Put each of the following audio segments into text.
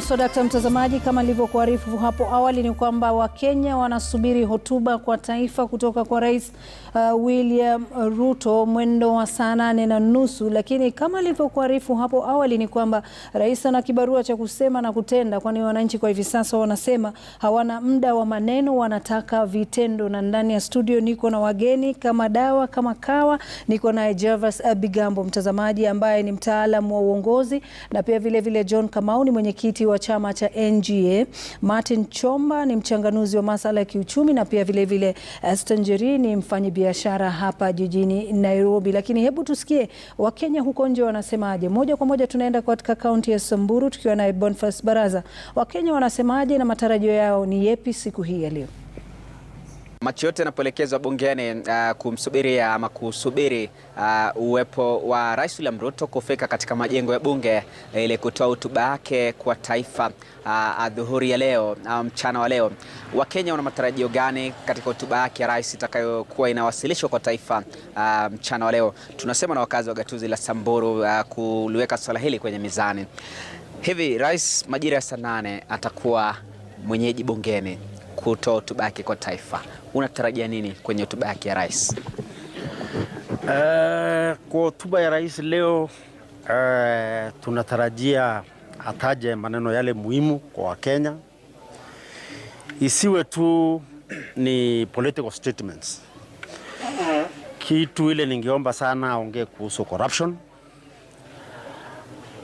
Msodakta mtazamaji, kama nilivyokuarifu hapo awali ni kwamba Wakenya wanasubiri hotuba kwa taifa kutoka kwa Rais uh, William Ruto mwendo wa saa nane na nusu, lakini kama nilivyokuarifu hapo awali ni kwamba rais ana kibarua cha kusema na kutenda, kwani wananchi kwa hivi sasa wanasema hawana muda wa maneno, wanataka vitendo. Na ndani ya studio niko na wageni kama dawa kama kawa, niko naye Jervas uh, Bigambo mtazamaji, ambaye ni mtaalam wa uongozi na pia vilevile vile John Kamau ni mwenyekiti wa chama cha NGA Martin Chomba ni mchanganuzi wa masuala ya kiuchumi na pia vilevile vile, eh, Stanjeri ni mfanyabiashara hapa jijini Nairobi. Lakini hebu tusikie Wakenya huko nje wanasemaje. Moja kwa moja tunaenda katika kaunti ya Samburu tukiwa naye Boniface Baraza. Wakenya wanasemaje na matarajio yao ni yepi siku hii ya leo? Macho yote yanapoelekezwa bungeni uh, kumsubiri ama kusubiri uh, uwepo wa Rais William Ruto kufika katika majengo ya bunge uh, ili kutoa hotuba yake kwa taifa uh, adhuhuri ya leo uh, mchana wa leo. Wakenya wana matarajio gani katika hotuba yake ya rais itakayokuwa inawasilishwa kwa taifa uh, mchana wa leo? Tunasema na wakazi wa gatuzi la Samburu uh, kuliweka swala hili kwenye mizani. Hivi rais majira ya saa nane atakuwa mwenyeji bungeni kutoa hotuba yake kwa taifa unatarajia nini kwenye hotuba yake ya rais? Uh, kwa hotuba ya rais leo uh, tunatarajia ataje maneno yale muhimu kwa Wakenya, isiwe tu ni political statements. Kitu ile ningeomba sana aongee kuhusu corruption,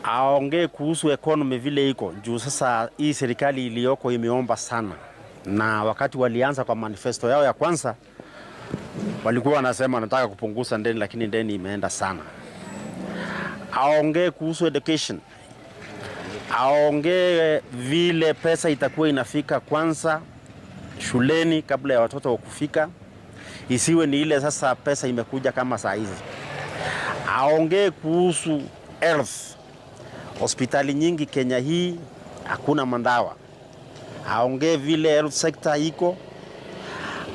aongee kuhusu economy vile iko juu. Sasa hii serikali iliyoko imeomba sana na wakati walianza kwa manifesto yao ya kwanza walikuwa wanasema wanataka kupunguza deni, lakini deni imeenda sana. Aongee kuhusu education, aongee vile pesa itakuwa inafika kwanza shuleni kabla ya watoto wa kufika, isiwe ni ile sasa pesa imekuja kama saa hizi. Aongee kuhusu health, hospitali nyingi Kenya hii hakuna mandawa aongee vile health sector iko,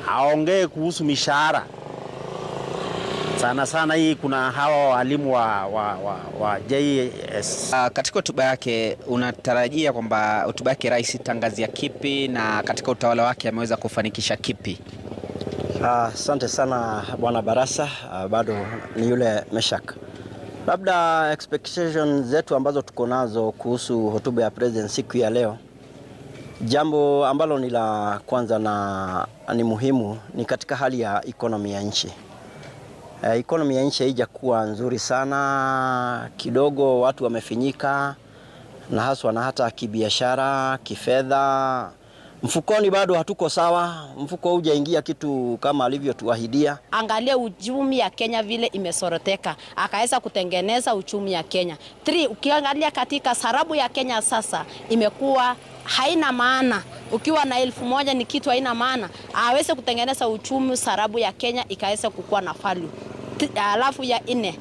aongee kuhusu mishahara sana sana. Hii kuna hawa walimu wa, wa, wa, wa JS. Ah, katika hotuba yake unatarajia kwamba hotuba yake rais tangazia kipi na katika utawala wake ameweza kufanikisha kipi? Ah, asante uh, sana bwana Barasa. Uh, bado ni yule Meshak. Labda expectations zetu ambazo tuko nazo kuhusu hotuba ya president siku ya leo Jambo ambalo ni la kwanza na ni muhimu ni katika hali ya ekonomi ya nchi. E, eh, ekonomi ya nchi haijakuwa nzuri sana, kidogo watu wamefinyika na haswa na hata kibiashara, kifedha, mfukoni bado hatuko sawa, mfuko hujaingia kitu kama alivyotuahidia. Angalia uchumi ya Kenya vile imesoroteka, akaweza kutengeneza uchumi ya Kenya. Three, ukiangalia katika sarabu ya Kenya sasa imekuwa haina maana. Ukiwa na elfu moja ni kitu haina maana, aweze kutengeneza uchumi sarabu ya Kenya ikaweza kukuwa na value. Alafu ya nne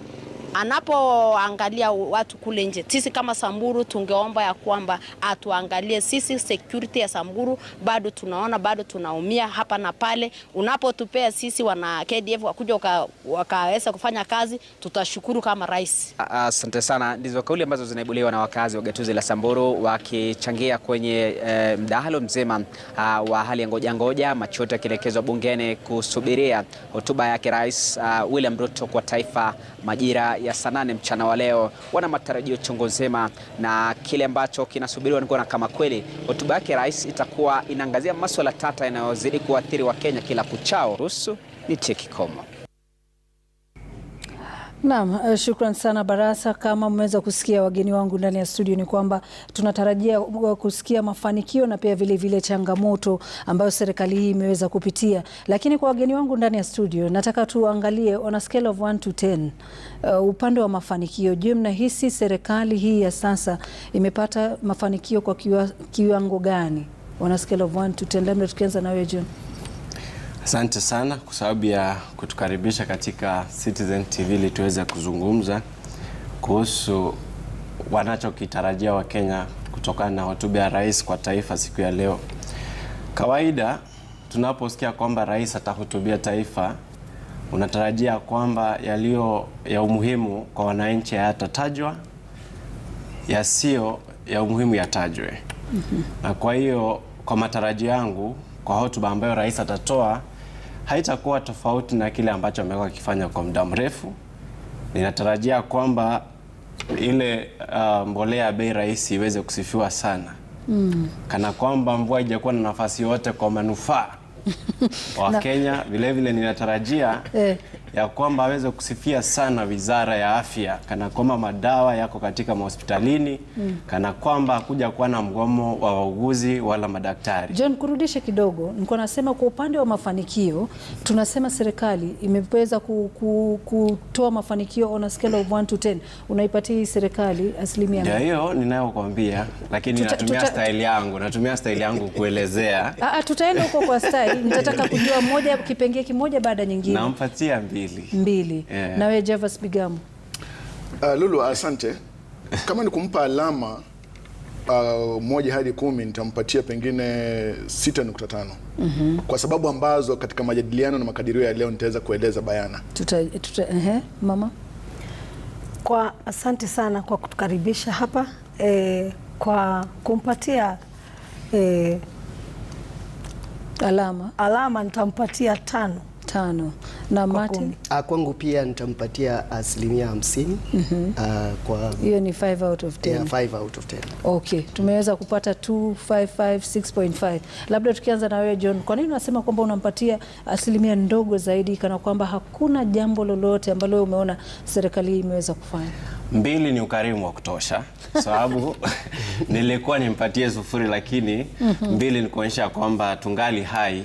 anapoangalia watu kule nje. Sisi kama Samburu tungeomba ya kwamba atuangalie sisi, security ya Samburu bado tunaona, bado tunaumia hapa na pale. Unapotupea sisi wana KDF wakuja wakaweza kufanya kazi, tutashukuru kama rais. Asante sana. Ndizo kauli ambazo zinaibuliwa na wakazi wa gatuzi la Samburu wakichangia kwenye eh, mdahalo mzima ah, wa hali ya ngoja ngoja, machoto yakielekezwa bungeni kusubiria hotuba yake Rais William Ruto kwa taifa majira ya saa nane mchana wa leo. Wana matarajio chungu nzima na kile ambacho kinasubiriwa kuona kama kweli hotuba yake rais itakuwa inaangazia masuala tata yanayozidi kuathiri Wakenya kila kuchao. Rusu tie kikomo. Naam, eh, shukran sana Barasa. Kama mmeweza kusikia wageni wangu ndani ya studio, ni kwamba tunatarajia eh, kusikia mafanikio na pia vile vile changamoto ambayo serikali hii imeweza kupitia, lakini kwa wageni wangu ndani ya studio nataka tuangalie on a scale of 1 to 10, uh, eh, upande wa mafanikio. Je, mnahisi serikali hii ya sasa imepata mafanikio kwa kiwango gani? On a scale of 1 to 10, labda tukianza wewe John. Asante sana kwa sababu ya kutukaribisha katika Citizen TV ili tuweze kuzungumza kuhusu wanachokitarajia Wakenya kutokana na hotuba ya rais kwa taifa siku ya leo. Kawaida tunaposikia kwamba rais atahutubia taifa, unatarajia kwamba yaliyo ya umuhimu kwa wananchi hayatatajwa, yasiyo ya umuhimu yatajwe. Mm -hmm. Na kwa hiyo kwa matarajio yangu kwa hotuba ambayo rais atatoa haitakuwa tofauti na kile ambacho amekuwa akifanya kwa muda mrefu. Ninatarajia kwamba ile uh, mbolea ya bei rahisi iweze kusifiwa sana mm. kana kwamba mvua haijakuwa na nafasi yote kwa manufaa wa Kenya. Vilevile ninatarajia eh ya kwamba aweze kusifia sana Wizara ya Afya, kana kwamba madawa yako katika mahospitalini mm. kana kwamba hakuja kuwa na mgomo wa wauguzi wala madaktari. John, kurudishe kidogo, niko nasema kwa upande wa mafanikio, tunasema serikali imeweza kutoa mafanikio on a scale of 1 to 10. Unaipatia hii serikali asilimia ngapi? Hiyo ninayokwambia lakini tuta, natumia tuta... style yangu, natumia style yangu kuelezea. Ah, ah, tutaenda huko kwa style, nitataka kujua moja kipengee kimoja baada nyingine. Nampatia mbili mbili, mbili. Yeah. Na wewe Javas Uh, Lulu, asante kama ni kumpa alama Uh, moja hadi kumi nitampatia pengine 6.5 mm -hmm. Kwa sababu ambazo katika majadiliano na makadirio ya leo nitaweza kueleza bayana tuta, tuta, uh, mama kwa asante sana kwa kutukaribisha hapa eh, kwa kumpatia eh, alama alama nitampatia tano tano na Martin ah, kwangu pia nitampatia asilimia hamsini. mm -hmm. Kwa hiyo ni 5 out of 10. Yeah, 5 out of 10. Okay, tumeweza kupata 2 5 5 6.5. Labda tukianza na wewe John, kwa nini unasema kwamba unampatia asilimia ndogo zaidi kana kwamba hakuna jambo lolote ambalo wewe umeona serikali hii imeweza kufanya? Mbili ni ukarimu wa kutosha sababu nilikuwa nimpatie sufuri, lakini mm -hmm. mbili ni kuonyesha kwamba tungali hai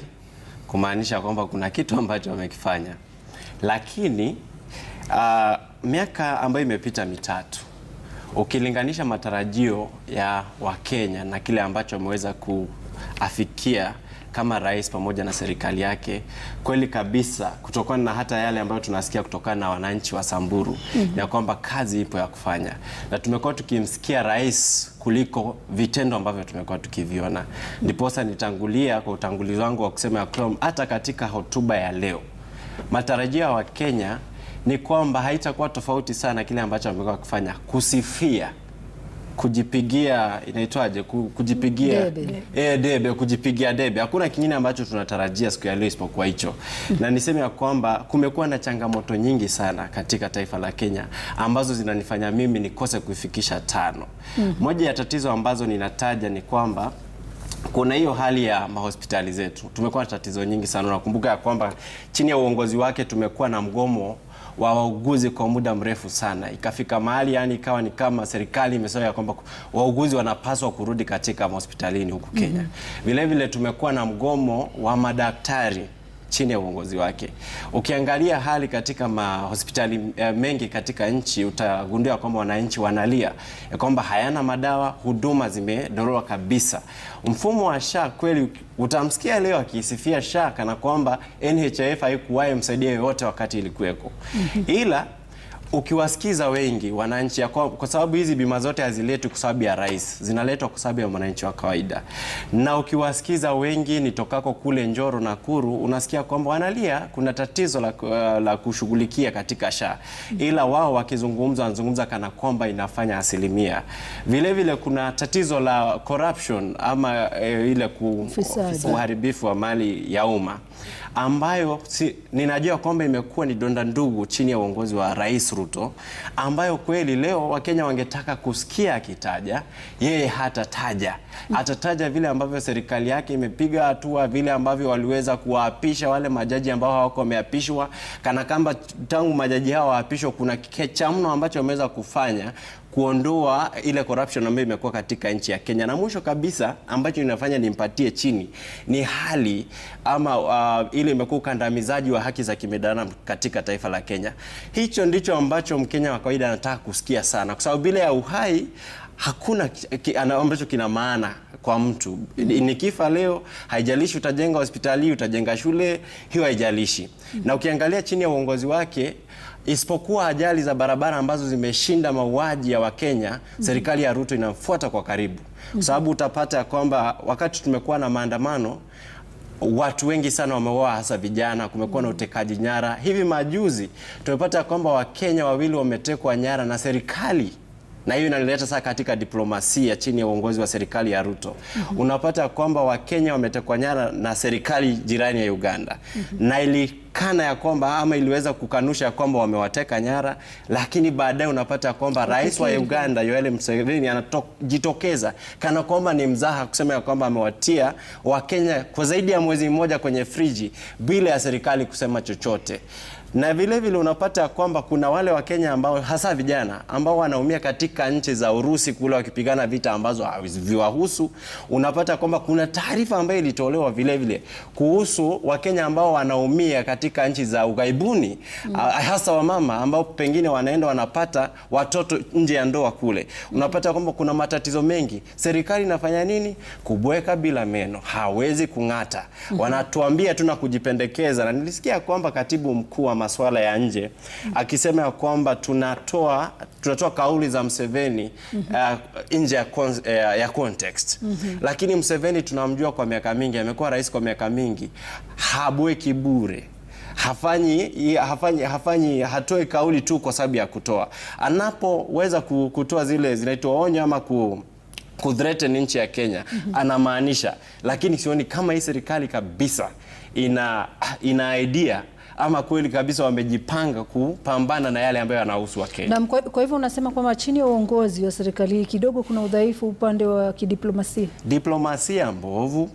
kumaanisha kwamba kuna kitu ambacho wamekifanya. Lakini uh, miaka ambayo imepita mitatu ukilinganisha matarajio ya Wakenya na kile ambacho wameweza kuafikia kama rais pamoja na serikali yake kweli kabisa, kutokana na hata yale ambayo tunasikia kutokana na wananchi wa Samburu mm -hmm. ya kwamba kazi ipo ya kufanya, na tumekuwa tukimsikia rais kuliko vitendo ambavyo tumekuwa tukiviona. Ndiposa mm -hmm. nitangulia kwa utangulizi wangu wa kusema ya kwamba hata katika hotuba ya leo matarajio ya Wakenya ni kwamba haitakuwa tofauti sana kile ambacho amekuwa akifanya kusifia kujipigia inaitwaje, kujipigia debe. E, debe kujipigia debe. Hakuna kingine ambacho tunatarajia siku ya leo isipokuwa hicho Na niseme ya kwamba kumekuwa na changamoto nyingi sana katika taifa la Kenya ambazo zinanifanya mimi nikose kuifikisha tano mm -hmm. Moja ya tatizo ambazo ninataja ni kwamba kuna hiyo hali ya mahospitali zetu, tumekuwa na tatizo nyingi sana. Unakumbuka ya kwamba chini ya uongozi wake tumekuwa na mgomo wa wauguzi kwa muda mrefu sana, ikafika mahali yani ikawa ni kama serikali imesema kwamba wauguzi wanapaswa kurudi katika hospitalini huku Kenya. Vilevile mhm. mm -hmm. vile tumekuwa na mgomo wa madaktari chini ya uongozi wake. Ukiangalia hali katika mahospitali eh, mengi katika nchi, utagundua kwamba wananchi wanalia ya kwamba hayana madawa, huduma zimedorora kabisa. Mfumo wa SHA kweli, utamsikia leo akiisifia SHA kana kwamba NHIF haikuwahi msaidia yoyote wakati ilikuweko, mm-hmm. ila ukiwasikiza wengi wananchi, kwa, kwa sababu hizi bima zote haziletwi kwa sababu ya rais, zinaletwa kwa sababu ya mwananchi wa kawaida. Na ukiwasikiza wengi nitokako kule Njoro, na kuru unasikia kwamba wanalia kuna tatizo la, uh, la kushughulikia katika SHA, ila wao wakizungumza wanazungumza kana kwamba inafanya asilimia. Vilevile vile kuna tatizo la corruption ama e, ile ku, uharibifu wa mali ya umma ambayo si, ninajua kwamba imekuwa ni donda ndugu chini ya uongozi wa Rais Ruto, ambayo kweli leo Wakenya wangetaka kusikia akitaja. Yeye hatataja, atataja vile ambavyo serikali yake imepiga hatua, vile ambavyo waliweza kuwaapisha wale majaji ambao hawako wameapishwa, kana kamba tangu majaji hao waapishwa kuna kichamno mno ambacho wameweza kufanya kuondoa ile corruption ambayo imekuwa katika nchi ya Kenya. Na mwisho kabisa ambacho inafanya nimpatie chini ni hali ama uh, ile imekuwa ukandamizaji wa haki za kibinadamu katika taifa la Kenya. Hicho ndicho ambacho Mkenya wa kawaida anataka kusikia sana, kwa sababu bila ya uhai hakuna ambacho kina maana kwa mtu. Ni kifa leo, haijalishi utajenga hospitali, utajenga shule, hiyo haijalishi. Na ukiangalia chini ya uongozi wake isipokuwa ajali za barabara ambazo zimeshinda mauaji ya Wakenya. mm -hmm. Serikali ya Ruto inamfuata kwa karibu kwa mm -hmm. sababu utapata kwamba wakati tumekuwa na maandamano watu wengi sana wameuawa, hasa vijana. Kumekuwa na utekaji nyara. Hivi majuzi tumepata kwamba Wakenya wawili wametekwa nyara na serikali na hiyo inalileta sasa katika diplomasia chini ya uongozi wa serikali ya Ruto. mm -hmm. Unapata kwamba Wakenya wametekwa nyara na serikali jirani ya Uganda. mm -hmm. na ilikana ya kwamba ama iliweza kukanusha kwamba wamewateka nyara, lakini baadaye unapata kwamba rais wa Uganda Yoweri Museveni anajitokeza kana kwamba ni mzaha kusema ya kwamba amewatia Wakenya kwa zaidi ya mwezi mmoja kwenye friji bila ya serikali kusema chochote na vile vile unapata kwamba kuna wale wa Kenya ambao hasa vijana ambao wanaumia katika nchi za Urusi kule wakipigana vita ambazo haviwahusu. Unapata kwamba kuna taarifa ambayo ilitolewa vile vile kuhusu Wakenya ambao wanaumia katika nchi za ughaibuni mm. hasa wamama ambao pengine wanaenda wanapata watoto nje ya ndoa kule. Mm. Unapata kwamba kuna matatizo mengi. Serikali inafanya nini? Kubweka bila meno, hawezi kung'ata. Mm-hmm. Wanatuambia tu na kujipendekeza, na nilisikia kwamba katibu mkuu wa masuala ya nje akisema ya kwamba tunatoa tunatoa kauli za Mseveni mm -hmm. uh, nje ya, con uh, ya context mm -hmm. Lakini Mseveni tunamjua kwa miaka mingi, amekuwa rais kwa miaka mingi, habweki bure hafanyi hafanyi hafanyi hatoi kauli tu kwa sababu ya kutoa. Anapoweza kutoa zile zinaitwa onyo ama ku kuthreaten nchi ya Kenya mhm. anamaanisha, lakini sioni kama hii serikali kabisa ina ina idea ama kweli kabisa wamejipanga kupambana na yale ambayo yanahusu Wakenya. Na kwa hivyo unasema kwamba chini ya uongozi wa serikali kidogo kuna udhaifu upande wa kidiplomasia, diplomasia mbovu,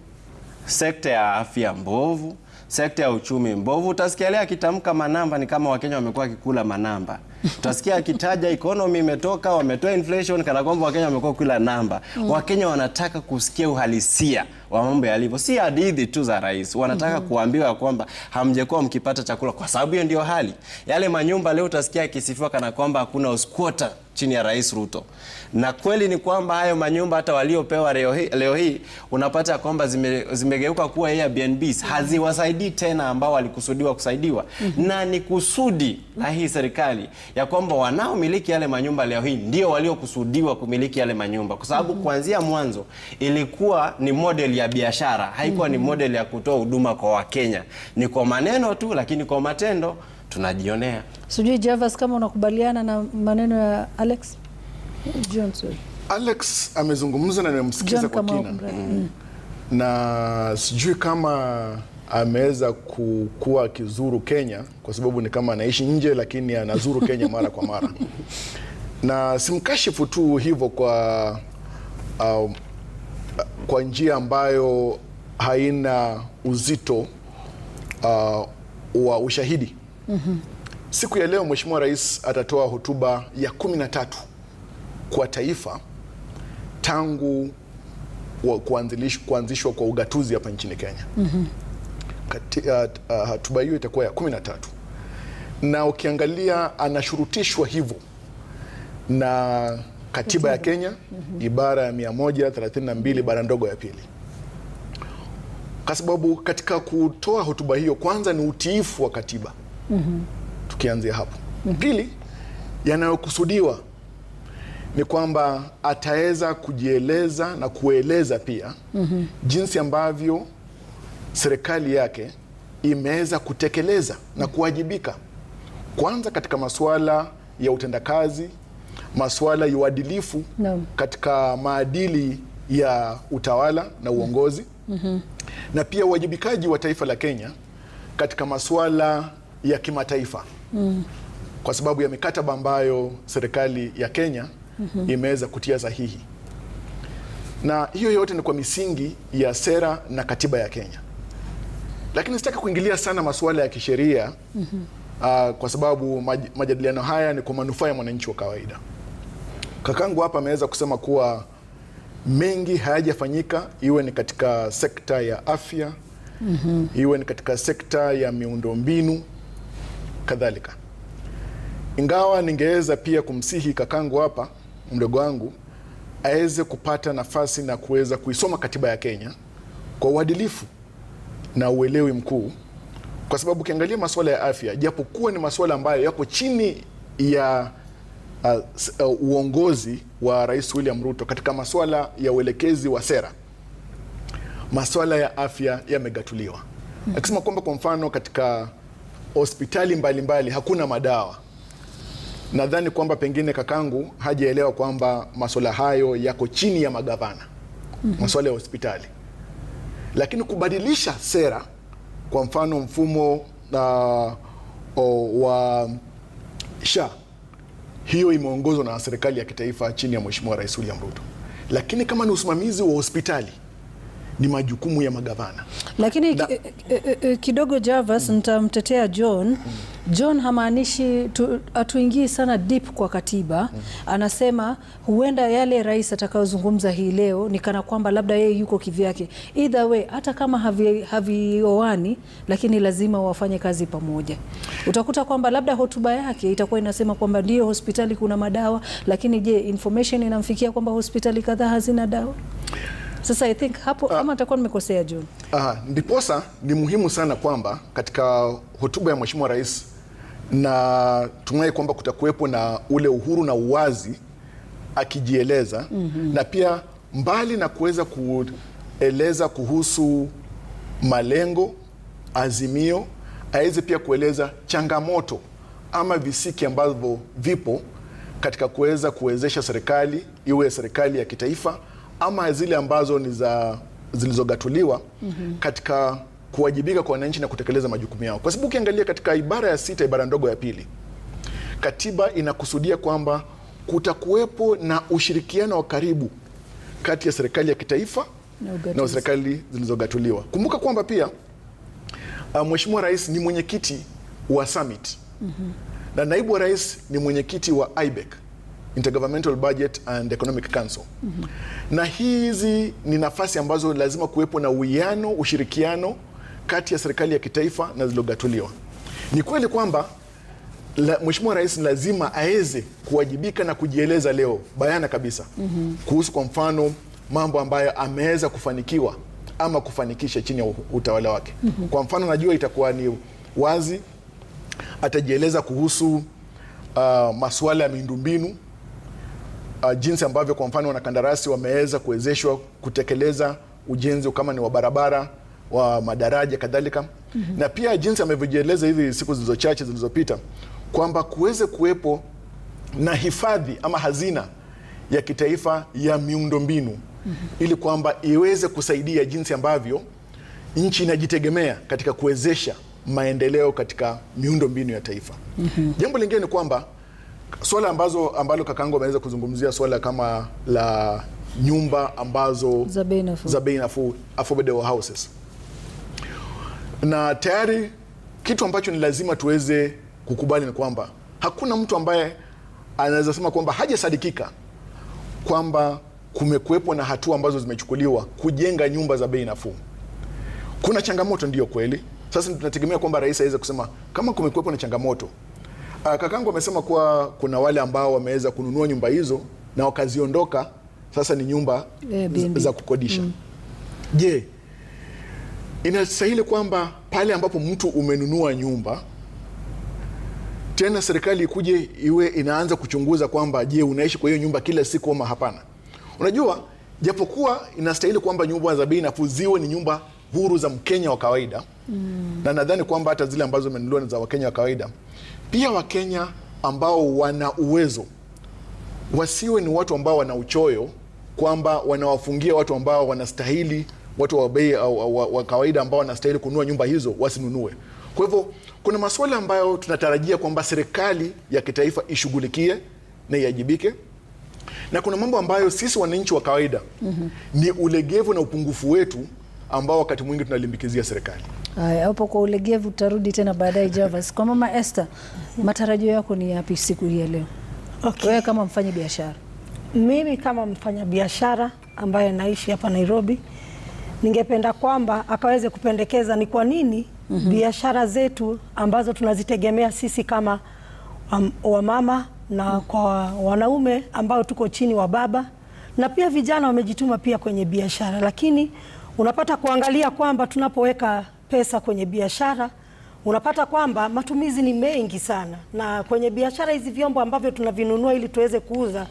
sekta ya afya mbovu, sekta ya uchumi mbovu. Utasikia leo akitamka manamba ni kama Wakenya wamekuwa wakikula manamba. Utasikia akitaja economy imetoka, wametoa inflation kana kwamba Wakenya wamekuwa kila namba. Mm. Wakenya wanataka kusikia uhalisia wa mambo yalivyo, si hadithi tu za rais. Wanataka mm -hmm. kuambiwa kwamba hamjekuwa mkipata chakula, kwa sababu hiyo ndio hali. Yale manyumba leo utasikia akisifiwa kana kwamba hakuna squatter chini ya Rais Ruto. Na kweli ni kwamba hayo manyumba hata waliopewa leo hii, leo hii unapata kwamba zime, zimegeuka kuwa mm -hmm. haziwasaidii tena ambao walikusudiwa kusaidiwa. Mm -hmm. Na ni kusudi la hii serikali ya kwamba wanaomiliki yale manyumba leo hii ndio waliokusudiwa kumiliki yale manyumba, kwa sababu mm -hmm. kuanzia mwanzo ilikuwa ni model ya biashara, haikuwa mm -hmm. ni mm-hmm. model ya kutoa huduma kwa Wakenya. Ni kwa maneno tu, lakini kwa matendo tunajionea. Sijui Javas, kama unakubaliana na maneno ya Alex Johnson. Alex amezungumza na nimemsikiza kwa kina mm -hmm. na sijui kama ameweza kuwa akizuru Kenya kwa sababu ni kama anaishi nje, lakini anazuru Kenya mara kwa mara na simkashifu tu hivyo kwa uh, kwa njia ambayo haina uzito uh, wa ushahidi mm -hmm. Siku ya leo Mheshimiwa Rais atatoa hotuba ya kumi na tatu kwa taifa tangu kuanzishwa kwa ugatuzi hapa nchini Kenya mm -hmm hotuba uh, uh, hiyo itakuwa ya kumi na tatu na ukiangalia anashurutishwa hivyo na katiba ya Kenya mhm. ibara ya 132 bara ndogo ya pili, kwa sababu katika kutoa hotuba hiyo kwanza ni utiifu wa katiba mm -hmm. Tukianzia hapo mm -hmm. Pili, yanayokusudiwa ni kwamba ataweza kujieleza na kueleza pia mm -hmm. jinsi ambavyo serikali yake imeweza kutekeleza na kuwajibika, kwanza katika masuala ya utendakazi, masuala ya uadilifu no. katika maadili ya utawala na uongozi mm -hmm. na pia uwajibikaji wa taifa la Kenya katika masuala ya kimataifa mm. kwa sababu ya mikataba ambayo serikali ya Kenya mm -hmm. imeweza kutia sahihi, na hiyo yote ni kwa misingi ya sera na katiba ya Kenya lakini sitaki kuingilia sana masuala ya kisheria mm -hmm. uh, kwa sababu maj, majadiliano haya ni kwa manufaa ya mwananchi wa kawaida. Kakangu hapa ameweza kusema kuwa mengi hayajafanyika, iwe ni katika sekta ya afya mm -hmm. iwe ni katika sekta ya miundombinu kadhalika, ingawa ningeweza pia kumsihi kakangu hapa, mdogo wangu aweze kupata nafasi na kuweza kuisoma katiba ya Kenya kwa uadilifu na uelewi mkuu, kwa sababu ukiangalia masuala ya afya, japokuwa ni masuala ambayo yako chini ya uh, uh, uongozi wa Rais William Ruto katika masuala ya uelekezi wa sera, masuala ya afya yamegatuliwa, hmm. akisema kwamba kwa mfano katika hospitali mbalimbali hakuna madawa. Nadhani kwamba pengine kakangu hajaelewa kwamba masuala hayo yako chini ya magavana, hmm. masuala ya hospitali lakini kubadilisha sera, kwa mfano mfumo uh, o, wa SHA hiyo imeongozwa na serikali ya kitaifa chini ya Mheshimiwa Rais William Ruto, lakini kama ni usimamizi wa hospitali ni majukumu ya magavana. Lakini da... Eh, eh, eh, kidogo Javas, mm. nitamtetea John mm. John hamaanishi hatuingii sana deep kwa katiba mm. Anasema huenda yale rais atakayozungumza hii leo ni kana kwamba labda yeye yuko kivyake. Either way, hata kama havi, lakini lazima wafanye kazi pamoja. Utakuta kwamba labda hotuba yake itakuwa inasema kwamba ndio hospitali kuna madawa, lakini je, information inamfikia kwamba hospitali kadhaa hazina dawa? Sasa I think hapo uh, ama atakuwa nimekosea John. uh, ndiposa ni muhimu sana kwamba katika hotuba ya Mheshimiwa Rais na tumai kwamba kutakuwepo na ule uhuru na uwazi akijieleza mm -hmm. na pia mbali na kuweza kueleza kuhusu malengo, azimio, aweze pia kueleza changamoto ama visiki ambavyo vipo katika kuweza kuwezesha serikali iwe serikali ya kitaifa ama zile ambazo ni za zilizogatuliwa mm -hmm. katika kuwajibika kwa wananchi na kutekeleza majukumu yao, kwa sababu ukiangalia katika ibara ya sita ibara ndogo ya pili katiba inakusudia kwamba kutakuwepo na ushirikiano wa karibu kati ya serikali ya kitaifa na serikali zilizogatuliwa. Kumbuka kwamba pia uh, Mheshimiwa Rais ni mwenyekiti wa summit mm -hmm. na naibu wa rais ni mwenyekiti wa IBEC, Intergovernmental Budget and Economic Council mm -hmm. na hizi ni nafasi ambazo lazima kuwepo na uwiano, ushirikiano kati ya serikali ya kitaifa na zilizogatuliwa. Ni kweli kwamba la, Mheshimiwa Rais lazima aweze kuwajibika na kujieleza leo bayana kabisa mm -hmm. kuhusu kwa mfano mambo ambayo ameweza kufanikiwa ama kufanikisha chini ya utawala wake mm -hmm. Kwa mfano najua itakuwa ni wazi atajieleza kuhusu uh, masuala ya miundombinu uh, jinsi ambavyo kwa mfano wanakandarasi wameweza kuwezeshwa kutekeleza ujenzi kama ni wa barabara wa madaraja kadhalika mm -hmm. na pia jinsi amevyojieleza hizi siku zilizo chache zilizopita kwamba kuweze kuwepo na hifadhi ama hazina ya kitaifa ya miundombinu mm -hmm. ili kwamba iweze kusaidia jinsi ambavyo nchi inajitegemea katika kuwezesha maendeleo katika miundombinu ya taifa. mm -hmm. Jambo lingine ni kwamba swala ambazo ambalo kakangu ameweza kuzungumzia swala kama la nyumba ambazo za bei nafuu affordable houses na tayari kitu ambacho ni lazima tuweze kukubali ni kwamba hakuna mtu ambaye anaweza sema kwamba hajasadikika kwamba kumekuwepo na hatua ambazo zimechukuliwa kujenga nyumba za bei nafuu. Kuna changamoto, ndiyo kweli. Sasa tunategemea kwamba rais aweze kusema kama kumekuwepo na changamoto. Ah, kakangu amesema kuwa kuna wale ambao wameweza kununua nyumba hizo na wakaziondoka, sasa ni nyumba yeah, za kukodisha. Mm. Je, mm inastahili kwamba pale ambapo mtu umenunua nyumba tena serikali ikuje iwe inaanza kuchunguza kwamba je, unaishi kwa hiyo nyumba kila siku ama hapana. Unajua, japokuwa inastahili kwamba nyumba za bei nafuu ziwe ni nyumba huru za Mkenya wa kawaida mm. na nadhani kwamba hata zile ambazo ni za Wakenya wa kawaida pia, Wakenya ambao wana uwezo wasiwe ni watu ambao wana uchoyo kwamba wanawafungia watu ambao wanastahili watu wa bei wa kawaida ambao wanastahili kununua nyumba hizo wasinunue. Kwa hivyo kuna masuala ambayo tunatarajia kwamba serikali ya kitaifa ishughulikie na iajibike, na kuna mambo ambayo sisi wananchi wa kawaida mm -hmm. ni ulegevu na upungufu wetu ambao wakati mwingi tunalimbikizia serikali. Haya, hapo kwa ulegevu tutarudi tena baadaye Javas. Kwa Mama Esther, matarajio yako ni yapi siku hii ya leo? Okay. Wewe kama mfanya biashara. Mimi kama mfanya biashara ambaye naishi hapa Nairobi ningependa kwamba akaweze kupendekeza ni kwa nini mm -hmm. biashara zetu ambazo tunazitegemea sisi kama um, wamama na mhm. kwa wanaume ambao tuko chini wa baba na pia vijana wamejituma pia kwenye biashara, lakini unapata kuangalia kwamba tunapoweka pesa kwenye biashara unapata kwamba matumizi ni mengi sana, na kwenye biashara hizi vyombo ambavyo tunavinunua ili tuweze kuuza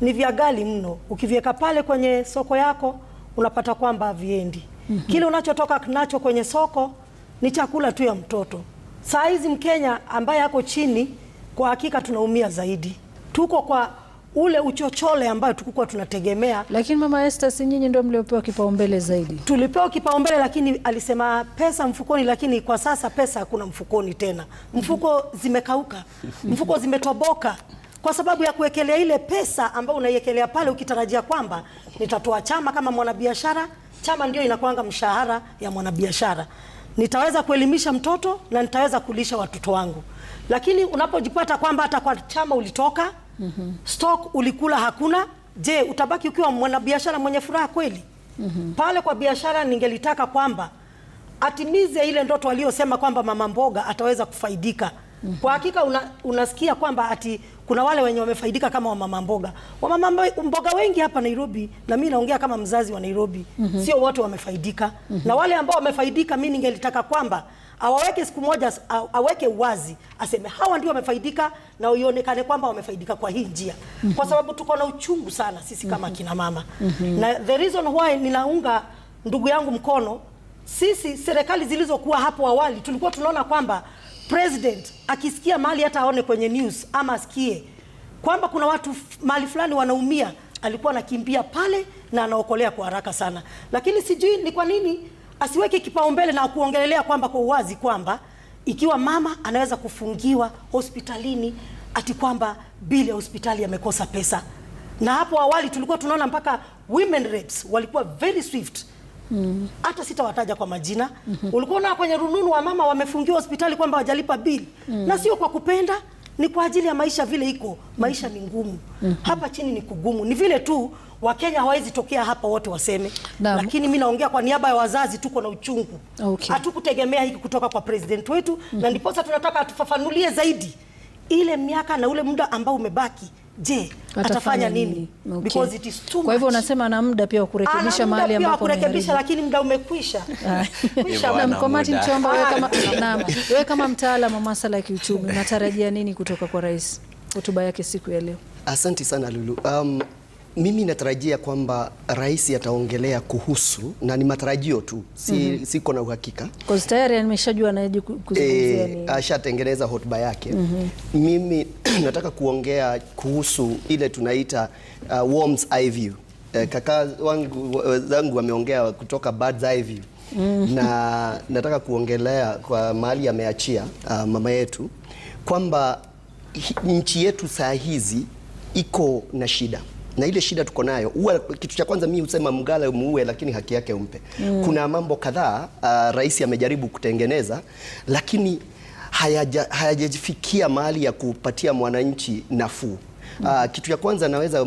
ni vya ghali mno. Ukiviweka pale kwenye soko yako unapata kwamba haviendi. mm -hmm. Kile unachotoka nacho kwenye soko ni chakula tu ya mtoto. Saa hizi Mkenya ambaye ako chini, kwa hakika tunaumia zaidi, tuko kwa ule uchochole ambayo tukukuwa tunategemea. Lakini mama Esther, si nyinyi ndio mliopewa kipaumbele zaidi? Tulipewa kipaumbele, lakini alisema pesa mfukoni, lakini kwa sasa pesa hakuna mfukoni tena, mfuko zimekauka, mfuko zimetoboka kwa sababu ya kuwekelea ile pesa ambayo unaiekelea pale ukitarajia kwamba nitatoa chama kama mwanabiashara. Chama ndio inakuanga mshahara ya mwanabiashara, nitaweza kuelimisha mtoto na nitaweza kulisha watoto wangu. Lakini unapojipata kwamba hata kwa chama ulitoka mm -hmm. stock ulikula hakuna, je, utabaki ukiwa mwanabiashara mwenye furaha kweli? mm -hmm. Pale kwa biashara ningelitaka kwamba atimize ile ndoto aliyosema kwamba mama mboga ataweza kufaidika -hmm. Kwa hakika una, unasikia kwamba ati kuna wale wenye wamefaidika kama wamama mboga. Wamama mboga wengi hapa Nairobi, na mimi naongea kama mzazi wa Nairobi, mm -hmm. sio wote wamefaidika. Mm -hmm. Na wale ambao wamefaidika, mimi ningelitaka kwamba awaweke siku moja, aweke uwazi aseme hawa ndio wamefaidika, na uionekane kwamba wamefaidika kwa hii njia, mm -hmm. kwa sababu tuko na uchungu sana sisi kama mhm. kina mama. Mm -hmm. Na the reason why ninaunga ndugu yangu mkono, sisi serikali zilizokuwa hapo awali tulikuwa tunaona kwamba president akisikia mali hata aone kwenye news ama asikie kwamba kuna watu mali fulani wanaumia, alikuwa anakimbia pale na anaokolea kwa haraka sana. Lakini sijui ni kwa nini asiweke kipaumbele na kuongelelea kwamba kwa uwazi kwamba ikiwa mama anaweza kufungiwa hospitalini ati kwamba bili ya hospitali amekosa pesa, na hapo awali tulikuwa tunaona mpaka women reps walikuwa very swift Mm. hata mm. sitawataja kwa majina mm -hmm. Ulikuwa na kwenye rununu wa mama wamefungiwa hospitali kwamba wajalipa bili mm. na sio kwa kupenda, ni kwa ajili ya maisha vile iko maisha ni ngumu mm -hmm. hapa chini ni kugumu, ni vile tu Wakenya hawawezi tokea hapa wote waseme Damn. Lakini mi naongea kwa niaba ya wazazi, tuko na uchungu, hatukutegemea okay. hiki kutoka kwa president wetu mm -hmm. na mm-hmm. ndiposa tunataka atufafanulie zaidi ile miaka na ule muda ambao umebaki je atafanya nini? Okay. Because it is too much. Kwa hivyo unasema na muda pia wa kurekebisha mahali ambapo kurekebisha, lakini muda umekwisha. Na Mkomati mchomba, wewe kama na wewe kama mtaalamu wa masuala ya kiuchumi unatarajia nini kutoka kwa rais hotuba yake siku ya leo? Asante sana Lulu. Um, mimi natarajia kwamba rais ataongelea kuhusu na ni matarajio tu si, mm -hmm. Siko na uhakika tayari ameshajua anaje kuzungumzia eh, ashatengeneza hotuba yake mm -hmm. Mimi nataka kuongea kuhusu ile tunaita uh, worm's eye view uh, kaka wangu zangu wameongea kutoka bird's eye view mm -hmm. Na nataka kuongelea kwa mahali ameachia uh, mama yetu kwamba nchi yetu saa hizi iko na shida na ile shida tuko nayo, huwa kitu cha kwanza mimi husema mgala muue, lakini haki yake umpe. Mm. Kuna mambo kadhaa uh, rais amejaribu kutengeneza lakini hayajafikia haya mahali ya kupatia mwananchi nafuu. Uh, kitu ya kwanza naweza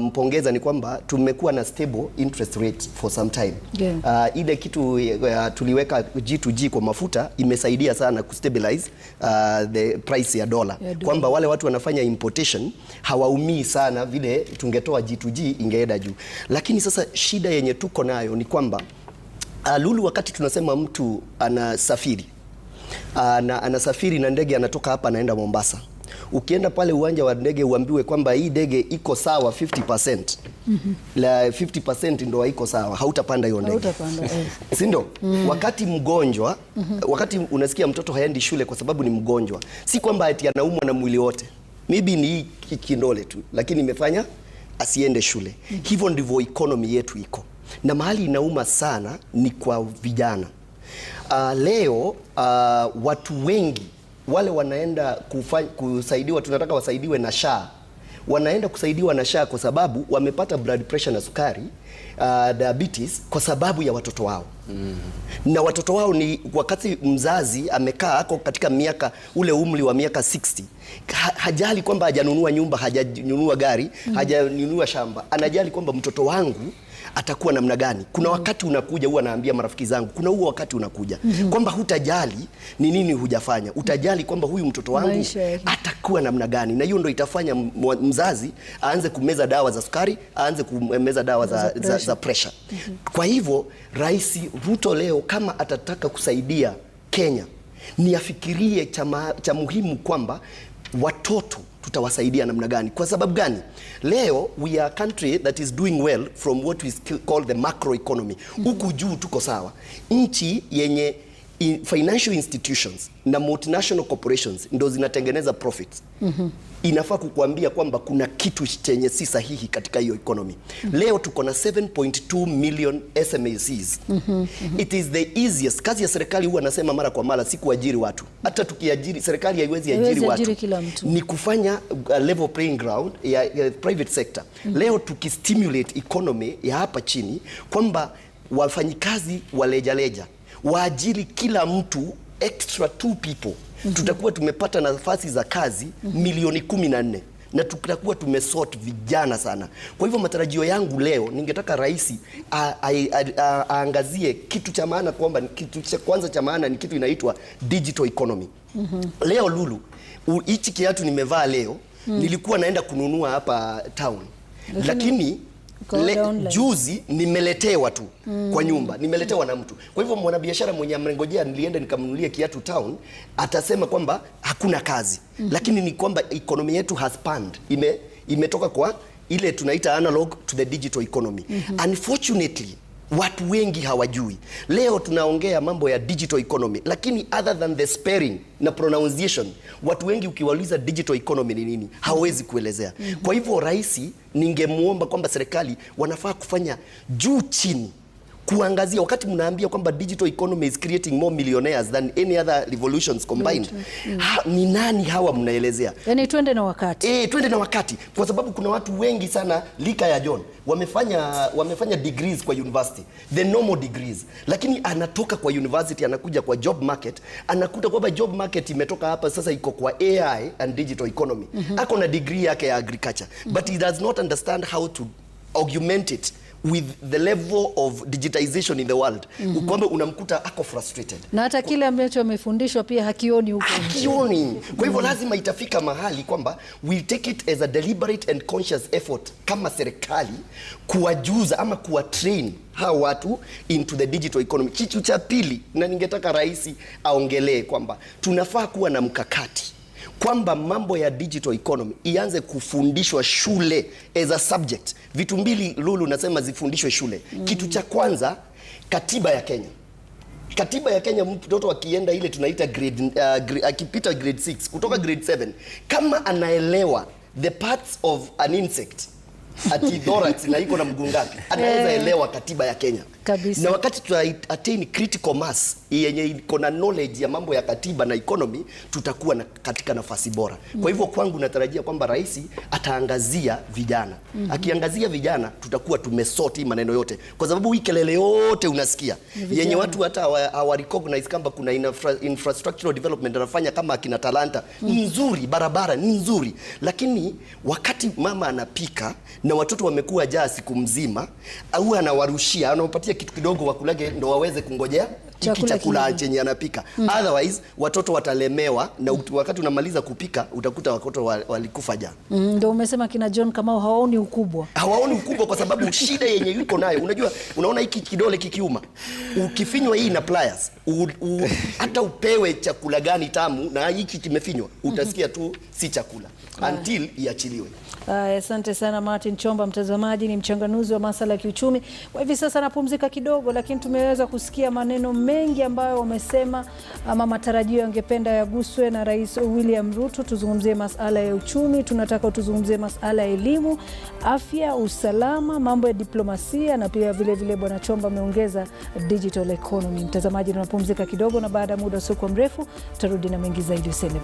mpongeza ni kwamba tumekuwa na stable interest rate for some time. Yeah. Uh, ile kitu uh, tuliweka G2G kwa mafuta imesaidia sana kustabilize uh, the price ya dola yeah, kwamba wale watu wanafanya importation hawaumii sana vile tungetoa G2G ingeenda juu, lakini sasa shida yenye tuko nayo ni kwamba uh, Lulu, wakati tunasema mtu anasafiri uh, na, anasafiri na ndege anatoka hapa anaenda Mombasa Ukienda pale uwanja wa ndege uambiwe kwamba hii ndege iko sawa 50%. Mm -hmm. La 50% ndo haiko sawa, hautapanda hiyo ndege. Hautapanda. Eh. Si ndo? Mm. Wakati mgonjwa, mm -hmm. wakati unasikia mtoto haendi shule kwa sababu ni mgonjwa. Si kwamba ati anaumwa na mwili wote. Maybe ni hii kindole tu, lakini imefanya asiende shule. Mm -hmm. Hivyo ndivyo economy yetu iko. Na mahali inauma sana ni kwa vijana. Uh, leo uh, watu wengi wale wanaenda kufanya, kusaidiwa, tunataka wasaidiwe na SHA wanaenda kusaidiwa na SHA kwa sababu wamepata blood pressure na sukari uh, diabetes kwa sababu ya watoto wao mm. Na watoto wao ni wakati mzazi amekaa ako katika miaka ule umri wa miaka 60 ha, hajali kwamba hajanunua nyumba, hajanunua gari mm. Hajanunua shamba, anajali kwamba mtoto wangu atakuwa namna gani. Kuna mm. wakati unakuja, huwa naambia marafiki zangu, kuna huo wakati unakuja mm -hmm. kwamba hutajali ni nini hujafanya, utajali kwamba huyu mtoto wangu atakuwa namna gani, na hiyo ndo itafanya mzazi aanze kumeza dawa za sukari, aanze kumeza dawa za, za, za pressure. Mm -hmm. Kwa hivyo Rais Ruto leo kama atataka kusaidia Kenya, ni afikirie cha muhimu kwamba watoto tutawasaidia namna gani? Kwa sababu gani? Leo we are a country that is doing well from what we call the macro economy. Huku juu tuko sawa, nchi yenye in financial institutions na multinational corporations ndo zinatengeneza profits. mm -hmm. Inafaa kukuambia kwamba kuna kitu chenye si sahihi katika hiyo economy. mm -hmm. Leo tuko na 7.2 million SMEs. mm mhm, -hmm. It is the easiest kazi ya serikali, huwa anasema mara kwa mara, si kuajiri watu. Hata tukiajiri serikali haiwezi ajiri watu, ni kufanya uh, level playing ground ya, ya private sector. mm -hmm. Leo tukistimulate economy ya hapa chini kwamba wafanyikazi wa leja waajiri kila mtu extra two people mm -hmm. Tutakuwa tumepata nafasi za kazi mm -hmm. milioni kumi na nne na tutakuwa tumesort vijana sana. Kwa hivyo matarajio yangu leo, ningetaka rais aangazie kitu cha maana, kwamba kitu cha kwanza cha maana ni kitu inaitwa digital economy mm -hmm. Leo Lulu, hichi kiatu nimevaa leo mm -hmm. nilikuwa naenda kununua hapa town lakini Le, juzi nimeletewa tu mm. kwa nyumba nimeletewa na mtu. Kwa hivyo mwanabiashara mwenye amrengojea nilienda nikamnunulia kiatu town atasema kwamba hakuna kazi mm -hmm. lakini ni kwamba economy yetu has panned, ime imetoka kwa ile tunaita analog to the digital economy mm -hmm. unfortunately watu wengi hawajui. Leo tunaongea mambo ya digital economy, lakini other than the sparing na pronunciation, watu wengi ukiwauliza digital economy ni nini hawawezi kuelezea. Mm-hmm. Kwa hivyo rais, ningemwomba kwamba serikali wanafaa kufanya juu chini kuangazia wakati mnaambia kwamba digital economy is creating more millionaires than any other revolutions combined. Mm. Ha, ni nani hawa mnaelezea? Yaani twende na wakati. Eh, twende na wakati kwa sababu kuna watu wengi sana lika ya John wamefanya wamefanya degrees kwa university, the normal degrees, lakini anatoka kwa university anakuja kwa job market, anakuta kwamba job market imetoka hapa sasa iko kwa AI and digital economy. Mm -hmm. Ako na degree yake ya agriculture, mm -hmm. but he does not understand how to augment it with the level of digitization in the world mm -hmm. Kwamba unamkuta ako frustrated na hata kile ambacho amefundishwa pia hakioni huko, hakioni. Kwa hivyo mm. lazima itafika mahali kwamba we take it as a deliberate and conscious effort kama serikali kuwajuza ama kuwatrain hawa watu into the digital economy. Kitu cha pili, na ningetaka rais aongelee kwamba tunafaa kuwa na mkakati kwamba mambo ya digital economy ianze kufundishwa shule as a subject. Vitu mbili Lulu nasema zifundishwe shule mm. Kitu cha kwanza katiba ya Kenya katiba ya Kenya, mtoto akienda ile tunaita grade, uh, grade akipita grade 6 kutoka grade 7 kama anaelewa the parts of an insect ati Dorothy na iko na mguu ngapi, anaweza eh. elewa katiba ya Kenya kabisa. Na wakati tuta attain critical mass yenye iko na knowledge ya mambo ya katiba na economy, tutakuwa na katika nafasi bora. Kwa hivyo kwangu natarajia kwamba rais ataangazia vijana. Mhm. Akiangazia vijana, tutakuwa tumesoti maneno yote, kwa sababu hii kelele yote unasikia yenye watu hata hawa recognize kwamba kuna infra, infrastructural development anafanya kama akina Talanta mm. nzuri, barabara ni nzuri, lakini wakati mama anapika na watoto wamekuwa jaa siku mzima, au anawarushia, anawapatia kitu kidogo wakulage ndo waweze kungojea hiki chakula chenye anapika mm. Otherwise watoto watalemewa na ut, wakati unamaliza kupika utakuta watoto walikufa jana. Mm, ndio umesema kina John kama hawaoni ukubwa, hawaoni ukubwa kwa sababu shida yenye yuko nayo, unajua, unaona hiki kidole kikiuma, ukifinywa hii na pliers, hata upewe chakula gani tamu na hiki kimefinywa, utasikia tu si chakula until iachiliwe. Eh, asante uh, sana Martin Chomba, mtazamaji ni mchanganuzi wa masuala ya kiuchumi. Kwa hivi sasa napumzika kidogo, lakini tumeweza kusikia maneno mengi ambayo wamesema ama matarajio yangependa yaguswe na Rais William Ruto. Tuzungumzie masuala ya uchumi, tunataka tuzungumzie masuala ya elimu, afya, usalama, mambo ya diplomasia na pia vilevile Bwana Chomba ameongeza digital economy. Mtazamaji, tunapumzika kidogo, na baada ya muda usiokuwa mrefu tutarudi na mengi zaidi. Usene